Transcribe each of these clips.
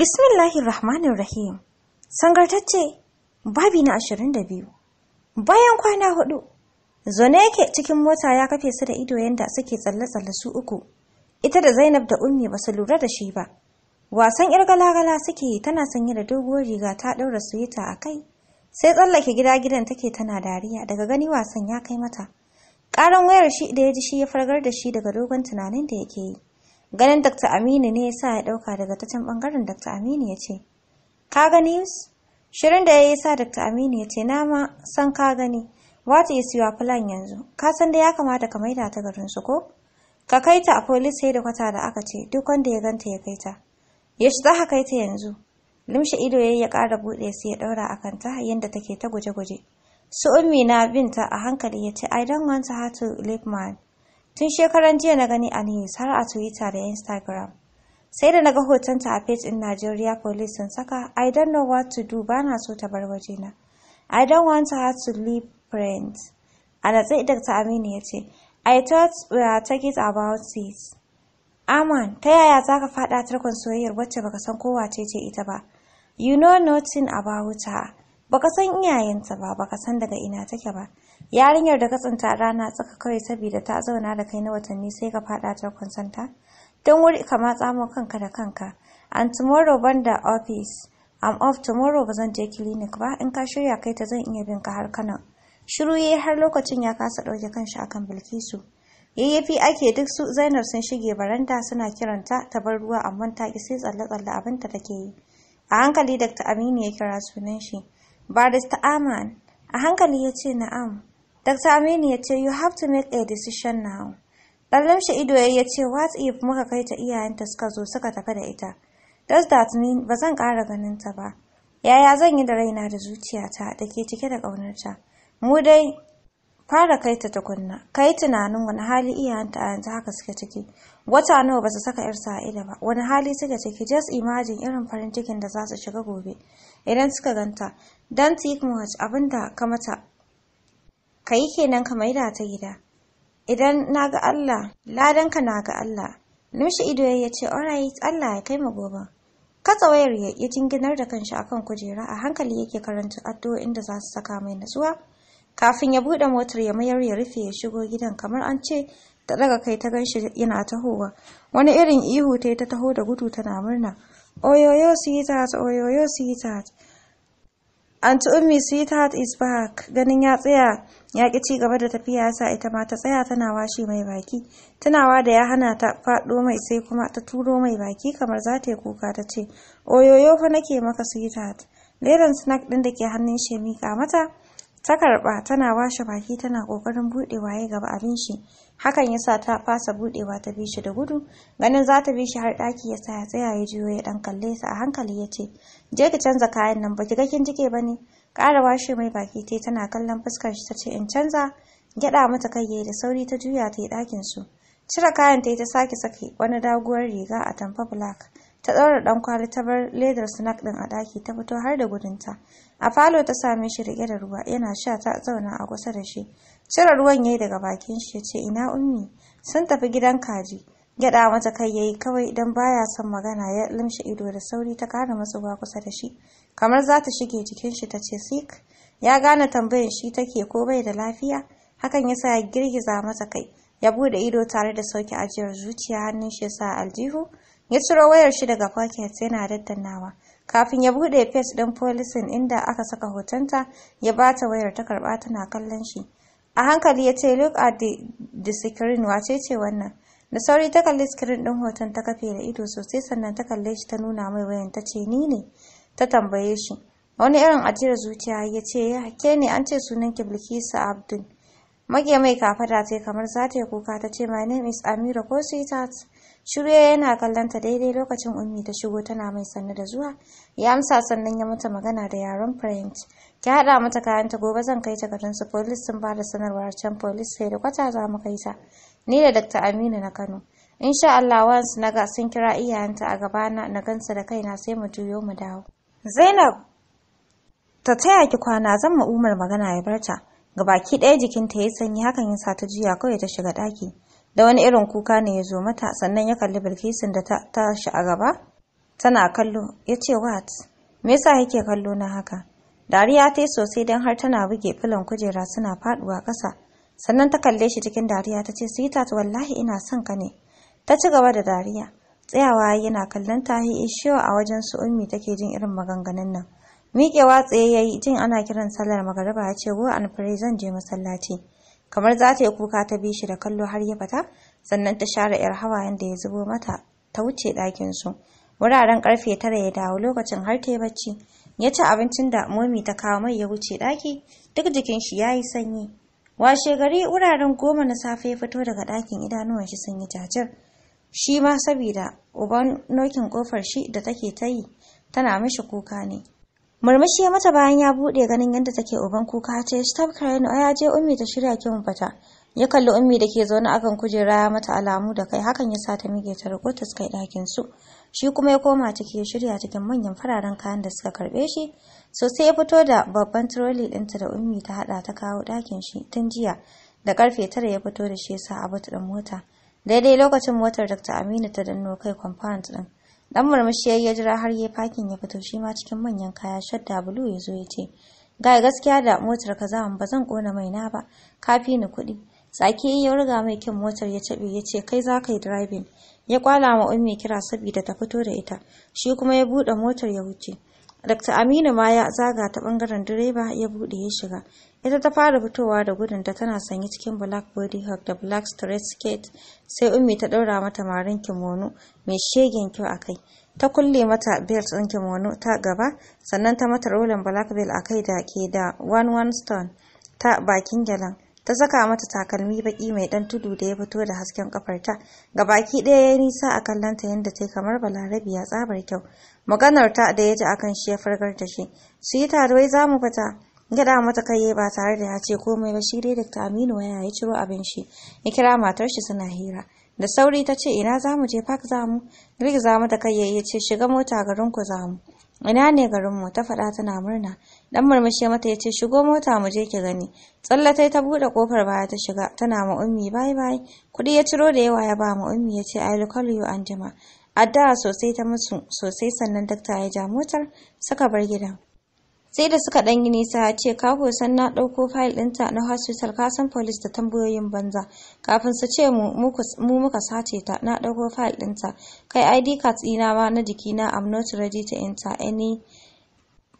Bismillahir Rahmanir Rahim. Sangartacce babi na 22. Bayan kwana hudu, zone yake cikin mota ya kafe su da ido yanda suke tsalle-tsalle su uku. Ita da Zainab da Ummi ba su lura da shi ba. Wasan yar galagala suke yi tana sanye da doguwar riga ta daura suita a kai. Sai tsallake gida gidan take tana dariya daga gani wasan ya kai mata. Karan wayar shi da ya ji shi ya fargar da shi daga dogon tunanin da yake yi. Ganin Dr. Aminu ne ya sa ya ɗauka daga ta can ɓangaren Dr. Aminu ya ce, Ka gani Yus? Shirin da ya yi sa Dr. Aminu ya ce, Na ma san ka gani, what is your plan yanzu? Ka san da ya kamata ka maida ta garin su ko? Ka kai ta a polis sai da kwata da aka ce, duk wanda ya ganta ya kai ta. Ya shi za ka kai ta yanzu. Limshe ido ya ya ƙara buɗe su ya ɗaura a kanta yadda take ta guje-guje. Su ummi na binta a hankali ya ce, I don't want her to leave man. Tun shekaran jiya na gani a news har a Twitter da Instagram. Sai da naga hotonta a page in Nigeria police sun saka, I don't know what to do, ba na so ta bar wajena. I don't want her to leave friends. A natsi Dr. Aminu ya ce, I thought we are talking about it. Aman, ta yaya za ka faɗa tarkon soyayyar wacce baka san kowa ce ce ita ba? You know nothing about her. Baka san iyayenta ba, baka san daga ina take ba. yarinyar da ka tsinta rana tsaka kawai saboda ta zauna da kai na watanni sai ka fada ta kwansanta don wuri ka matsa kanka da kanka and tomorrow banda office I'm off tomorrow ba zan je clinic ba in ka shirya kai ta zan iya bin ka har kana shiru yayi har lokacin ya kasa dauke kanshi akan Bilkisu yayyafi ake duk su Zainab sun shige baranda suna kiranta ta bar ruwa amma ta ki sai tsalle tsalle abinta take yi a hankali Dr. Aminu ya kira sunan shi barista Aman a hankali ya ce na'am Dr. Aminu ya ce, You have to make a decision now. Ɗan shi ido ya ce, What if muka kai ta iyayenta suka zo suka tafi da ita? Does that mean ba zan ƙara ganin ta ba? Yaya zan yi da raina da zuciyata da ke cike da ƙaunarta? Mu dai fara kai ta tukunna, kai tunanin wani hali iyayenta a yanzu haka suke ciki. Wata nawa ba su saka ‘yarsa a ido ba, wani hali suke ciki, just imagine irin farin cikin da za su shiga gobe idan suka ganta. Don take much abin da ka mata ka yi kenan ka maida ta gida idan na ga Allah ladanka na ga Allah numshi ido ya ce alright Allah ya kai mu gobe katsa wayar ya yi jinginar da kanshi akan kujera a hankali yake karanta addu'o'in da za su saka mai natsuwa kafin ya buɗe motar ya mayar ya rufe ya shigo gidan kamar an ce ta daga kai ta ganshi yana tahowa wani irin ihu ta ta taho da gudu tana murna oyoyo sweetheart oyoyo sweetheart Anti Ummi Sweetheart is back. Ganin ya tsaya ya ƙi ci gaba da tafiya sa ita ma ta tsaya tana washe mai baki. Tunawa da ya hana ta faɗo mai sai kuma ta turo mai baki kamar za ta yi kuka ta ce, Oyoyo fa nake maka Sweetheart. Leran snack ɗin da ke hannun shi mika mata. Ta karɓa tana washe baki tana ƙoƙarin buɗe ya gaba abin shi. hakan ya sa ta fasa budewa ta bi shi da gudu ganin za ta bi shi har daki ya sa ya tsaya ya juyo ya dan kalle sa a hankali ya ce je ki canza kayan nan ba ki ga kin jike bane ƙara washe mai baki tai tana kallon fuskar shi ta ce in canza gyada mata kai yayi da sauri ta juya ta yi dakin su cire kayan tayi ta sake sake wani daguwar riga a tamfa black ta ɗaura ɗan kwali ta bar ledar snack ɗin a ɗaki ta fito har da gudunta a falo ta same shi rike da ruwa yana sha ta zauna a kusa da shi cire ruwan yayi daga bakin shi ya ce ina ummi sun tafi gidan kaji gyaɗa mata kai yayi kawai idan baya son magana ya limshe ido da sauri ta kara matsuwa kusa da shi kamar za ta shige jikin shi ta ce sik ya gane tambayan shi take ko bai da lafiya hakan ya ya girgiza mata kai ya bude ido tare da sauke ajiyar zuciya hannun shi sa aljihu ya ciro wayar shi daga pocket yana daddannawa kafin ya bude face din policing inda aka saka hotonta ya bata wayar ta karba tana kallon shi a hankali ya ce look at the, the screen wace ce wannan da sauri ta kalli screen din hoton ta kafe da ido sosai sannan ta kalle shi ta nuna mai wayan ta ce ni ne ta tambaye shi wani irin ajiyar zuciya ya ce ya ke ne an ce sunan ki bilkisu abdul mage mai kafada ta kamar za ta yi kuka ta ce my name is amira ko sweetheart shirya yana kallon ta daidai lokacin Ummi ta shigo tana mai sannu da zuwa. Ya amsa sannan ya mata magana da yaren French. Ki haɗa mata kayanta gobe zan kai ta garin su police sun bada sanarwar can police sai da kwata za mu kai ta. Ni da Dr. Aminu na Kano. Insha Allah wansu na ga sun kira iyayenta a gabana na gansa da kaina sai mu juyo mu dawo. Zainab ta taya ki kwana zan ma Umar magana ya barta. Gabaki ɗaya jikinta ya sanyi hakan ya sa ta juya kawai ta shiga ɗaki. da wani irin kuka ne ya zo mata sannan ya kalli bilkisin da ta tashi a gaba tana kallo ya ce what me yasa yake kallo na haka dariya ta yi sosai don har tana buge filan kujera suna faduwa ƙasa sannan ta kalle shi cikin dariya ta ce sita wallahi ina son ka ne ta ci gaba da dariya tsayawa yana kallon ta yi ishiyo a wajen su ummi take jin irin maganganun nan miƙewa tsaye ya yi jin ana kiran sallar magariba ya ce go an fure zan je masallaci kamar za ta yi kuka ta bi shi da kallo har ya fata sannan ta share yar hawayen da ya zubo mata ta wuce ɗakin su wuraren karfe tara ya dawo lokacin har ta yi bacci ya ci abincin da momi ta kawo mai ya wuce ɗaki duk jikin shi ya yi sanyi washe gari wuraren goma na safe ya fito daga ɗakin idanuwan shi sun yi jajir shi ma saboda uban nokin kofar shi da take ta yi tana mishi kuka ne murmushi ya mata bayan ya bude ganin yadda take uban kuka ta yi stop crying ya je ummi ta shirya ki mu fita ya kalli ummi da ke zaune akan kujera ya mata alamu da kai hakan ya sa ta mige ta riko ta kai ɗakin su shi kuma ya koma ciki ya shirya cikin manyan fararen kayan da suka karbe shi sosai ya fito da babban troli ɗinta da ummi ta hada ta kawo ɗakin shi tun jiya da karfe tara ya fito da shi ya sa abu ta mota daidai lokacin motar dr aminu ta danno kai compound din. dan murmushi ya jira har ya fakin ya fito shi ma cikin manyan kaya shadda bulu ya zo ya ce ga gaskiya da motar ka zamu ba kona mai na ba kafi ni kuɗi sake ya riga mai kin motar ya tabe ya ce kai za ka yi driving ya kwala ma ummi kira saboda ta fito da ita shi kuma ya bude motar ya wuce Dr. Aminu ma ya zaga ta bangaren direba ya bude ya shiga ita ta fara fitowa da gudun gudunta tana sanye cikin black body hug da black straight skate sai ummi ta ɗaura mata marin kimono mai shegen kyau a kai ta kulle mata belt ɗin kimono ta gaba sannan ta mata rolin black belt a kai da ke da one one stone ta bakin gyalan ta saka mata takalmi baki mai ɗan tudu da ya fito da hasken kafarta ga baki ɗaya ya nisa a kallonta yadda ta yi kamar balarabi ya tsabar kyau maganar ta da ya ji akan shi ya fargar da shi su yi wai za mu fita gyaɗa mata kai ba tare da ya ce komai ba shi dai dakta aminu waya ya ciro abin shi ya kira matar shi suna hira da sauri ta ce ina za mu je park za mu za mata kai ya ce shiga mota garin ku za mu ina ne garin mu ta faɗa tana murna dan murmushi mata ya ce shigo mota mu je ki gani tsallatai ta buɗe kofar baya ta shiga tana ma ummi bye bye kuɗi ya ciro da yawa ya ba ma ummi ya ce i will call you anjima addu'a sosai ta musu sosai sannan dakta ya ja motar suka bar gidan sai da suka ɗan yi nisa ya ce ka san na ɗauko fayil ɗinta na hospital kasan san police da tambayoyin banza kafin su ce mu muka sace ta na ɗauko fayil ɗinta kai id card ɗina ma na jiki na i'm not ready to enter any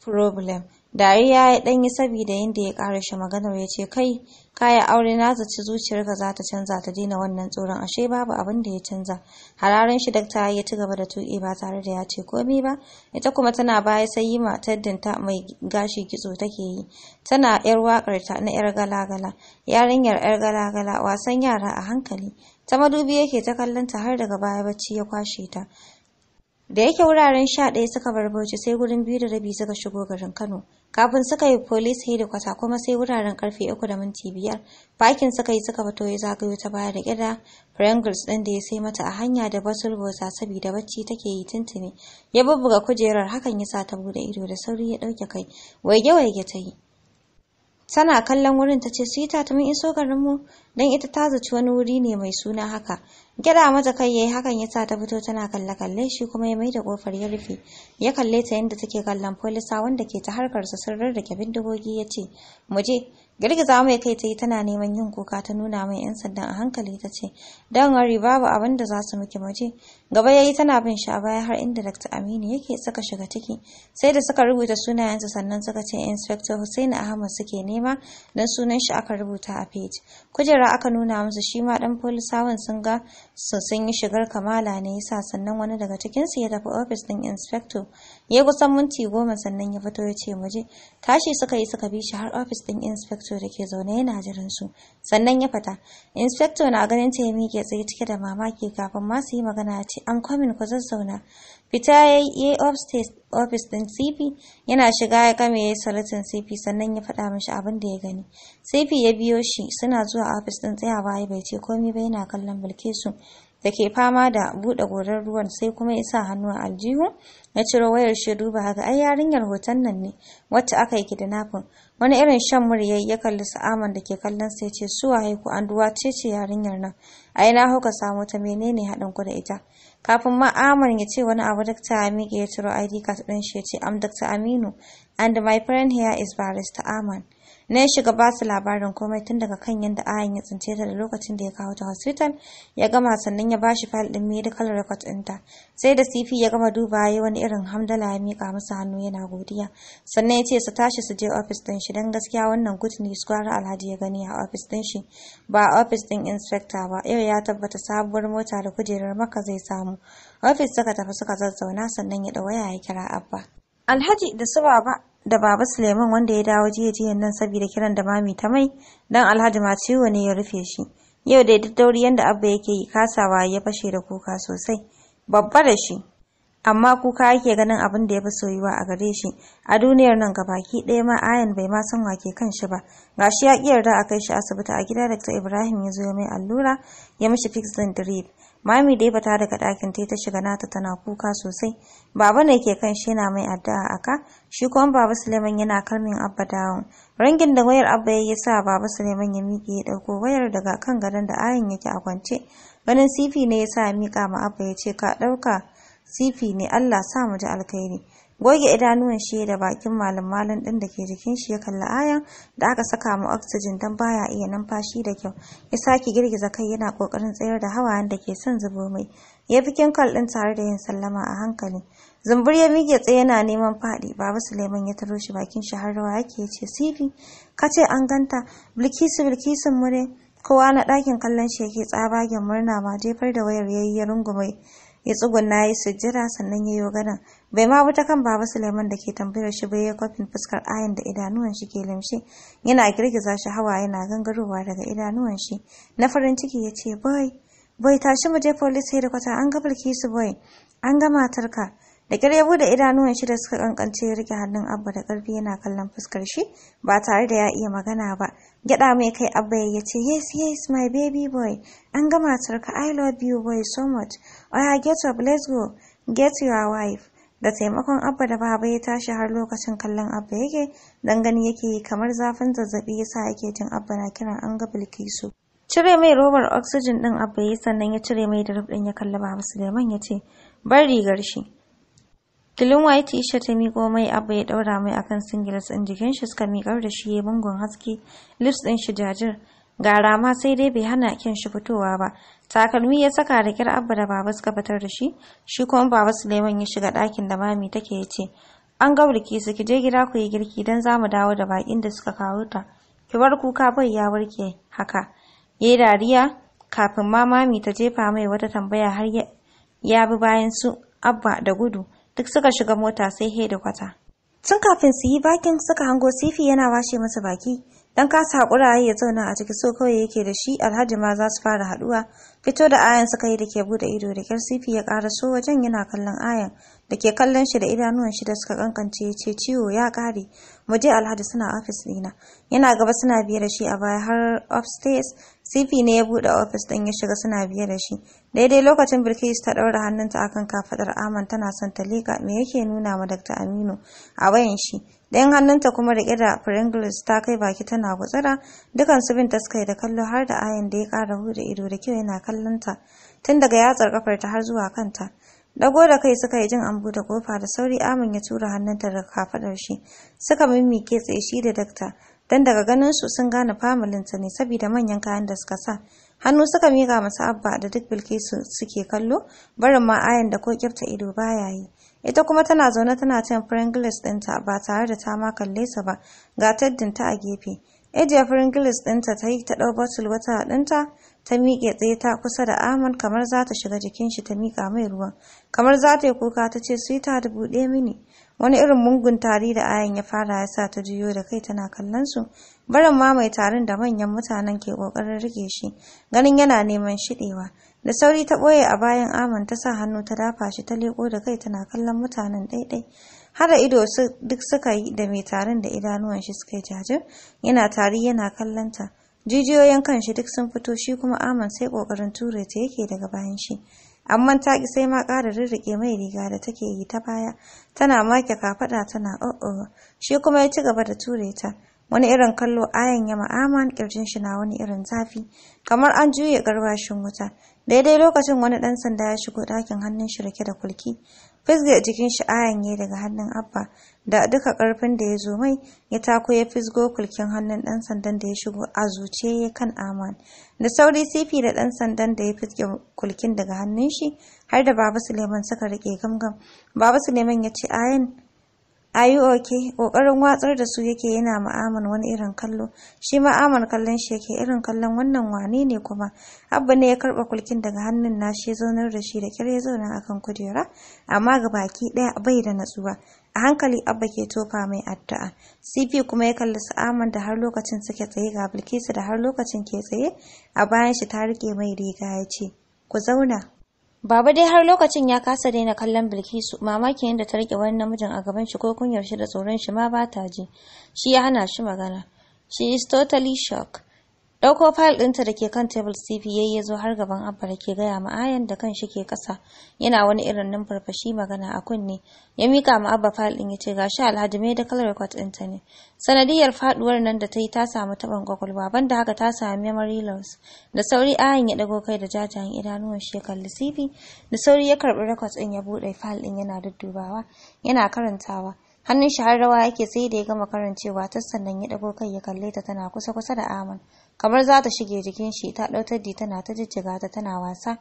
problem dariya ya ɗan yi saboda yanda ya ƙara shi maganar ya ce kai Kaya aure na zaci zuciyarka za ta canza ta dina wannan tsoron ashe babu abin da ya canza. Hararin shi dakta ya ci gaba da tuƙi ba tare da ya ce komai ba. Ita kuma tana baya sai yi matar dinta mai gashi kitso take yi. Tana yar wakar ta na yar galagala. Yarinyar yar galagala wasan yara a hankali. Ta madubi yake ta kallon ta har daga baya bacci ya kwashe ta. Da yake wuraren sha ɗaya suka bar sai gurin biyu da rabi suka shigo garin Kano. kafin suka yi police hedikwata kuma sai wuraren karfe uku da minti biyar bakin suka yi suka fito ya zagayo ta baya da gida Pringles ɗin da ya sai mata a hanya da basul bota saboda bacci take yi tuntuni ya bubbuga kujerar hakan ya sa ta bude ido da sauri ya ɗauke kai waige waige ta yi Tana kallon wurin ta ce, Sita, ta mun iso garin mu dan ita ta zaci wani wuri ne mai suna haka. Gida mata kai yayi hakan yasa ta fito tana kalle-kalle shi kuma ya maida kofar ya rufe. Ya kalle ta yanda take kallon polisa wanda ke ta harkarsa sa rarrake bindigogi ya ce, Mu je, girgiza mai kai ta yi tana neman yin kuka ta nuna mai yan sandan a hankali ta ce don wari babu abin da za su miki maje. gaba ya yi tana bin shi a baya har inda dr aminu yake suka shiga ciki sai da suka rubuta sunayensa sannan suka ce inspector hussein ahmad suke nema don sunan shi aka rubuta a page kujera aka nuna musu shi ma dan polisawan sun ga su sun yi shigar kamala ne yasa sannan wani daga cikinsu ya tafi ofis din inspector ya kusan minti goma sannan ya fito ya ce muje tashi suka yi suka bi shi har ofis din inspector Inspector da ke zaune yana jiran su sannan ya fita inspector na ganin ta ya ke tsaye cike da mamaki kafin ma su yi magana ya ce am coming ku zazzauna fita ya yi ofis office din cp yana shiga ya kame ya yi salatin cp sannan ya faɗa mashi abin da ya gani cp ya biyo shi suna zuwa office din tsayawa ya bai ce komai ba yana kallon bilkisu da ke fama da buɗe gorar ruwan sai kuma ya hannu a aljihu na ciro wayar shi duba haka ai yarinyar hoton nan ne wacce aka yi kidnapping wani irin shan muryai ya kalli sa'aman da ke kallon sai ce su waye ku an duwa ce ce yarinyar nan ai na hauka samu ta menene haɗin ku da ita kafin ma aman ya ce wani abu dakta miƙe ya ciro ID card ɗin shi ya ce am Dr. Aminu and my friend here is barista Aman. na ya shiga ba su labarin komai tun daga kan yadda ayan ya tsince ta da lokacin da ya kawo ta hospital ya gama sannan ya ba bashi fayil din medical record ɗinta sai da cp ya gama duba ya wani irin hamdala ya mika masa hannu yana godiya sannan ya ce su tashi su je ofis din shi don gaskiya wannan good su gwara alhaji ya gani a ofis din shi ba a ofis din inspector ba yau ya tabbata sabuwar mota da kujerar maka zai samu ofis suka tafi suka zazzauna sannan ya ɗau waya ya kira abba alhaji da su baba da baba Suleiman wanda ya dawo jiya jiya nan saboda kiran da mami ta mai dan Alhaji ma ne ya rufe shi yau da ya dauri yanda abba yake yi kasawa ya fashe da kuka sosai babba da shi amma kuka yake ganin abin da ya fi soyuwa a gare shi a duniyar nan gabaki ɗaya ma ayan bai ma san wake kan shi ba Ga shi ya yarda a kai shi asibiti a gida da Ibrahim ya zo ya mai allura ya mishi fix din drip Mami dai bata daga ɗakin ta ta shiga nata tana kuka sosai. Baba ne ke kan shi yana mai addu'a aka, shi kuma Baba Suleiman yana kalmin Abba Dawon. Rangin da wayar Abba ya sa Baba Suleiman ya miƙe ya ɗauko wayar daga kan gadon da ayin yake a kwance. Ganin sifi ne ya sa ya miƙa ma Abba ya ce ka ɗauka sifi ne Allah sa mu ji alkhairi. goge idanuwan shi da bakin malam-malam ɗin da ke jikin shi ya kalli ayan da aka saka mu oxygen don baya iya numfashi da kyau ya sake girgiza kai yana kokarin tsayar da hawayen da ke son zubo mai ya fi kinkal ɗin tare da yin sallama a hankali zumbur ya mige tsaye yana neman faɗi baba suleiman ya taro shi bakin shi har rawa yake ya ce sifi ka ce an ganta bilkisu bilkisun mure kowa na ɗakin kallon shi yake tsabagen murna ma jefar da wayar yayi ya rungume ya tsuguna ya sujjira sannan ya yi gadon bai ma wuta kan baba suleiman da ke tambayar shi bai ya kwafin fuskar ayan da idanuwan shi ke limshi? yana girgiza shi hawa yana gangarowa daga idanuwan shi na farin ciki ya ce bai boy tashi mu je police headquarter an ga bilkisu boy an ga matarka da kyar ya bude idanuwan shi da suka kankance ya rike hannun abba da karfi yana kallon fuskar shi ba tare da ya iya magana ba gyada mai kai abba ya ce yes yes my baby boy an gama turka i love you boy so much oya get up let's go get your wife da taimakon abba da baba ya tashi har lokacin kallon abba yake dan gani yake kamar zafin zazzabi yasa yake jin abba na kiran an ga bilkisu cire mai robar oxygen din abba ya sannan ya cire mai drip din ya kalli baba suleiman ya ce bar rigar shi Kilin White T-shirt ta miƙo mai abu ya ɗaura mai akan singlet ɗin jikin shi suka miƙar da shi ya bangon haske lips ɗin shi jajir. Ga rama sai dai bai hana kyan shi fitowa ba. Takalmi ya saka da kyar abba da baba suka fitar da shi, shi kuma baba Suleiman ya shiga ɗakin da mami take ya ce, An gauriki su ki je gida ku yi girki don za mu dawo da baƙin da suka kawo ta. Ki bar kuka bai ya warke haka. Ya yi dariya kafin ma mami ta jefa mai wata tambaya har ya bi bayan su abba da gudu. duk suka shiga mota sai he da kwata tun kafin su yi bakin suka hango sifi yana washe masa baki don kasa haƙura ya zauna a ciki so kawai yake da shi alhaji ma za su fara haɗuwa. fito da ayan suka yi da ke bude ido da kyar sifi ya ƙara so wajen yana kallon ayan da ke kallon shi da idanuwan shi da suka kankance ya ce ciwo ya kare mu je alhaji suna ofis dina yana gaba suna biye da shi a baya har upstairs cp ne ya buɗe ofis ɗin ya shiga suna biye da shi daidai lokacin bilkis ta ɗaura hannunta akan kafaɗar aman tana son ta leka me yake nuna ma dr aminu a wayan shi ɗayan hannunta kuma riƙe da pringles ta kai baki tana gutsira dukan su bin yi da kallo har da ayan da ya kara huda ido da kyau yana kallon ta tun daga yatsar kafarta har zuwa kanta Dago da kai suka yi jin an da kofa da sauri Amin ya tura hannunta da kafaɗar shi. Suka mimmike tsaye shi da dakta, dan daga ganin su sun gane ta ne saboda manyan kayan da suka sa. Hannu suka miƙa masa abba da duk bilkisu suke kallo, barin ma ayan da ko kyafta ido baya yi. Ita kuma tana zaune tana cin Pringles ɗinta ba tare da ta ma kalle sa ba, ga taddinta a gefe. Ejiya Pringles ɗinta ta yi ta ɗau botul wata ɗinta, ta miƙe tsaye ta kusa da Ahmad kamar za ta shiga jikin shi ta miƙa mai ruwa. Kamar za ta yi kuka ta ce ta da buɗe mini. Wani irin mungun tari da ayan ya fara ya sa ta juyo da kai tana kallon su. Barin ma mai tarin da manyan mutanen ke ƙoƙarin rike shi. Ganin yana neman shiɗewa. Da sauri ta ɓoye a bayan aman ta sa hannu ta dafa shi ta leƙo da kai tana kallon mutanen ɗaiɗai. hada ido duk suka yi da mai tarin da idanuwan shi suka yi jajir yana tari yana kallanta jijiyoyin shi duk sun fito shi kuma aman sai kokarin ture ta yake daga bayan shi amma ta ki sai ma ƙara rirrike mai riga da take yi ta baya tana make kafada tana oh shi kuma ya ci gaba da ture ta wani irin kallo ayan ya ma'aman kirjin shi na wani irin zafi kamar an juye garwashin wuta daidai lokacin wani dan sanda ya shigo ɗakin hannun shi rike da kulki fisge jikin shi ayan ya daga hannun abba da duka karfin da ya zo mai ya tako ya fisgo kulkin hannun dan sandan da ya shigo a zuce ya kan aman da sauri sifi da dan sandan da ya fisge kulkin daga hannun shi har da baba suleiman suka rike gamgam baba suleiman ya ce ayan ayi oke ƙoƙarin watsar da su yake yana ma'aman wani irin kallo shi ma'aman kallon shi yake irin kallon wannan wane ne kuma abba ne ya karba kulkin daga hannun na ya zaunar da shi da kyar ya zauna akan kujera amma ga baki daya bai da natsuwa a hankali abba ke tofa mai addu'a cp kuma ya kalli su sa'aman da har lokacin suke tsaye ga bilkisu da har lokacin ke tsaye a bayan shi ta rike mai riga ya ce ku zauna Baba dai har lokacin ya kasa daina kallon Bilkisu, mamaki yadda ta rike wani namijin a gaban shi ko kunyar shi da tsoron shi ma ba ta ji. Shi ya hana shi magana. She is totally shocked. Ɗauko fayil ɗinta da ke kan tebul CV ya yi zo har gaban Abba da ke gaya ma ayan da kan shi ke kasa yana wani irin numfarfashi magana a kunne ya mika ma Abba fayil ɗin ya ce ga shi Alhaji mai da kalar record ɗinta ne. Sanadiyar faɗuwar nan da ta yi ta samu taɓin kwakwalwa banda haka ta samu memory loss da sauri ayan ya ɗago kai da jajayen idanuwan shi ya kalli CV da sauri ya karbi record din ya buɗe fayil ɗin yana duddubawa yana karantawa. Hannun shi har rawa yake sai da ya gama karancewa ta sannan ya ɗago kai ya kalle ta tana kusa-kusa da Aman. kamar za ta shige jikin shi ta ɗau di tana ta jijjiga ta tana wasa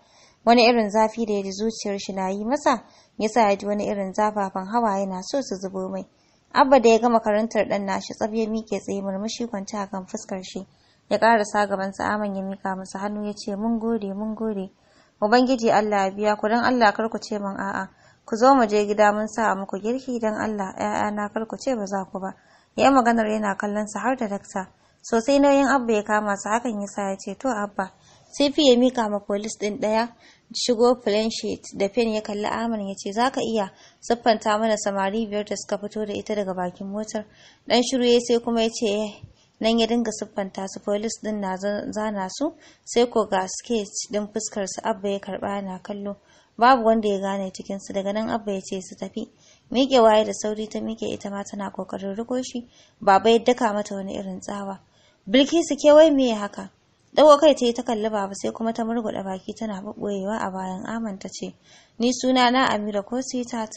wani irin zafi da ya ji zuciyar shi na yi masa ya sa ya ji wani irin zafafan hawa yana so su zubo mai abba da ya gama karantar ɗan nashi shi ya miƙe tsaye murmushi kwance a kan fuskar shi ya ƙarasa gaban sa aman ya mika masa hannu ya ce mun gode mun gode ubangiji Allah ya biya ku dan Allah kar ku ce min a'a ku zo mu je gida mun sa muku girki dan Allah ƴaƴana kar ku ce ba za ku ba ya yi maganar yana kallon sa har da dakta sosai nauyin abba ya kama su hakan yasa ya ce to abba sai fi ya mika ma polis din daya shigo sheet da fen ya kalli amin ya ce za ka iya siffanta mana samari biyar da suka fito da ita daga bakin motar dan shiru ya sai kuma ya ce eh. nan ya dinga siffanta su polis din na zana su sai ko ga sketch din fuskar su abba ya karba na kallo babu wanda ya gane cikin su daga nan abba ya ce su tafi mike waye da sauri ta mike ita ma tana kokarin riko baba ya daka mata wani irin tsawa Bilkisu ke wai me haka? Dawo kai ta yi ta kalli baba sai kuma ta murguɗa baki tana ɓoyewa a bayan aman ta ce, Ni suna na Amira ko sweetheart.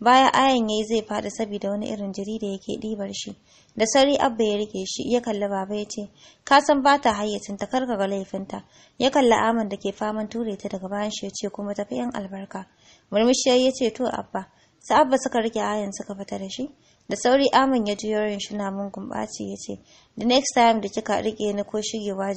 Baya ayan yayi zai faɗi saboda wani irin jiri da yake ɗibar shi. Da sauri abba ya rike shi ya kalli baba ya ce, Ka san ba ta hayyacin ta karka ga laifinta. Ya kalli aman da ke faman ture ta daga bayan shi ya ce kuma tafi yan albarka. Murmushi ya ce to abba. su abba suka rike ayan suka fita da shi. da sauri amon ya juyo yin shi namun gumbaci ya ce the next time da kika rike ni ko shigewa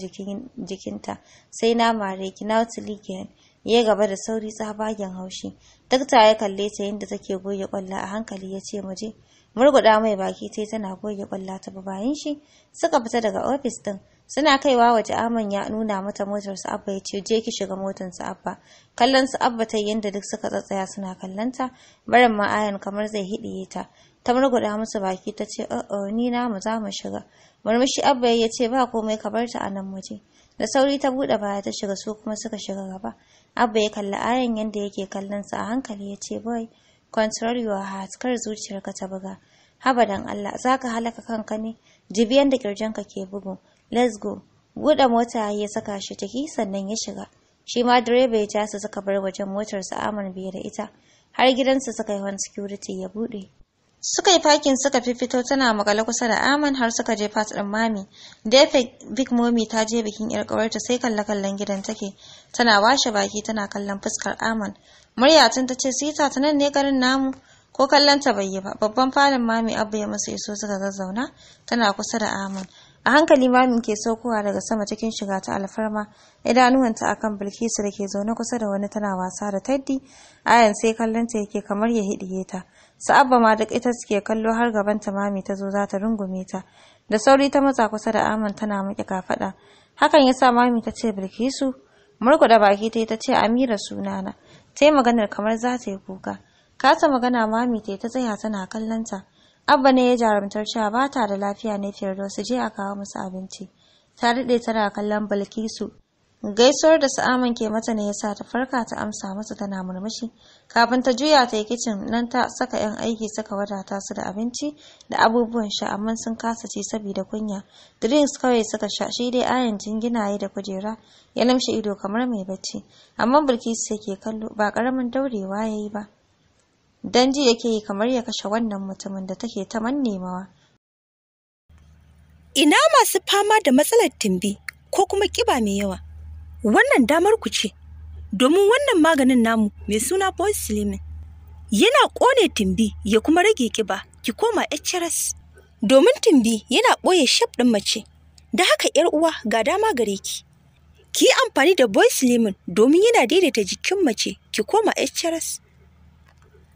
jikinta sai na mare ki na again ya gaba da sauri tsabagen haushi dakta ya kalle ta yadda take goge kwalla a hankali ya ce muje murguda mai baki tai tana goge kwalla ta bayan shi suka fita daga ofis din suna kaiwa waje aman ya nuna mata motar su abba yace je ki shiga motar su abba kallon su abba ta yanda duk suka tsatsaya suna kallanta barin ma ayan kamar zai hidiye ta ta murguda musu baki ta ce oh ni na mu za mu shiga murmushi abba ya ce ba komai ka bar ta a nan waje da sauri ta bude baya ta shiga su kuma suka shiga gaba abba ya kalli ayan yanda yake kallon su a hankali yace ce boy control your heart kar zuciyarka ta buga haba dan Allah zaka halaka kanka ne jibiyan da kirjanka ke bugu let's go buɗe mota ya saka shi ciki sannan ya shiga shi ma direba ya tasa suka bar wajen motarsa aman biye da ita har gidansa suka yi wani security ya buɗe suka yi fakin suka fito tana makale kusa da aman har suka je fat ɗin mami defe big mommy ta je bikin yar kawarta sai kalla kallon gidan take tana washe baki tana kallon fuskar aman murya tun ta ce sita ta nan ne garin namu ko kallon ta bai yi ba babban falin mami abu ya musu iso suka zazzauna tana kusa da aman a hankali mamin ke saukowa daga sama cikin shiga ta alfarma idanuwanta akan bilkisu da ke zaune kusa da wani tana wasa da taddi ayan sai kallonta yake kamar ya hidiye ta sa'abba ma duk ita suke kallo har gaban ta mami ta zo za ta rungume ta da sauri ta matsa kusa da aman tana maƙi kafaɗa hakan ya sa mami ta ce bilkisu murku da baki ta ta ce amira sunana ta yi maganar kamar za ta yi kuka kasa magana mami ta ta tsaya tana kallonta abba ne ya jarumtar cewa ba ta da lafiya ne wasu je a kawo musu abinci ta daɗe tana kallon bilkisu gaisuwar da sa'aman ke mata ne yasa ta farka ta amsa masa tana murmushi kafin ta juya ta yi kicin nan ta saka yan aiki suka wadata su da abinci da abubuwan sha amma sun kasa ci saboda kunya drinks kawai suka sha shi dai ayan jinginaye da kujera ya lamshe ido kamar mai bacci amma bilkisu yake kallo ba karamin daurewa ya yi ba don ji yake yi kamar ya kashe wannan mutumin da take ta mannemawa Ina masu fama da matsalar tumbi ko kuma ƙiba mai yawa, wannan damar ku ce, domin wannan maganin namu mai suna Boyce yana ƙone tumbi ya kuma rage ƙiba ki koma HRS. Domin tumbi yana ɓoye shaf ɗin mace, da haka ‘yar uwa ga dama gare ki. Ki yi amfani da boyslimin domin yana daidaita jikin mace ki koma HRS.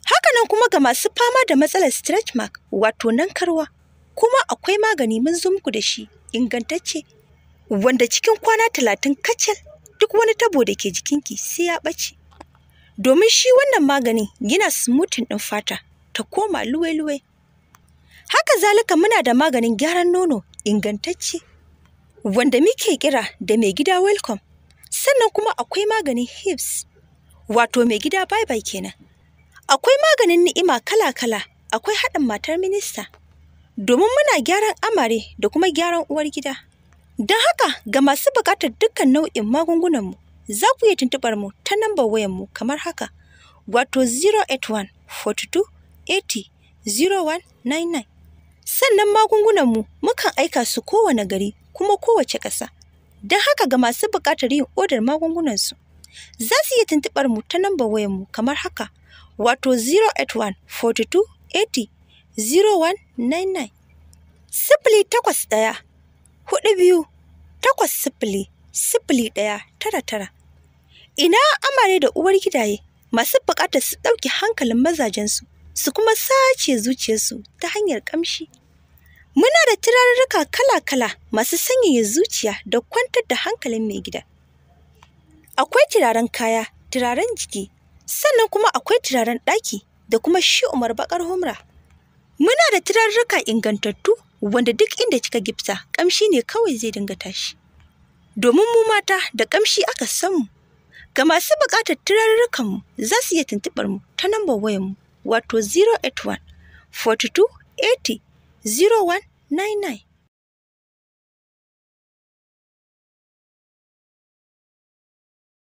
Hakanan kuma ga masu fama da matsalar stretch mark wato nan karwa kuma akwai magani mun zo muku da shi ingantacce wanda cikin kwana talatin kacal duk wani tabo da ke jikinki sai ya ɓace. Domin shi wannan magani yana smoothing ɗin fata ta koma luwe-luwe. Haka zalika muna da maganin gyaran nono ingantacce wanda muke kira da mai gida welcome sannan kuma akwai maganin hips wato mai gida bye-bye kenan. Akwai maganin ni'ima kala-kala, akwai haɗin matar minista. Domin muna gyaran amare da kuma gyaran uwar gida. Don haka ga masu buƙatar dukkan nau'in magungunanmu, za ku iya tuntubar mu ta nambar wayanmu kamar haka, wato 081 42 80 0199. Sannan magungunanmu mukan aika su kowane gari kuma kowace ƙasa. Don haka ga masu buƙatar yin odar magungunansu, za su iya tuntuɓar mu ta nambar wayanmu kamar haka, wato 081 42 80 0199 sifili takwas ɗaya hudu biyu takwas sifili sifili ɗaya tara tara ina amare da uwar gidaye masu buƙatar su ɗauki hankalin mazajensu su kuma sace zuciyarsu ta hanyar ƙamshi muna da turarruka kala-kala masu sanyaya zuciya da kwantar da hankalin mai gida akwai turaren kaya turaren jiki sannan kuma akwai turaren ɗaki da kuma shi umar bakar humra muna da turarruka ingantattu wanda duk inda kika gipsa ƙamshi ne kawai zai dinga tashi domin mu mata da ƙamshi aka san mu. ga masu buƙatar turarrukan mu za su iya tuntuɓar mu ta nambar wayanmu, mu wato 081 42 80 0199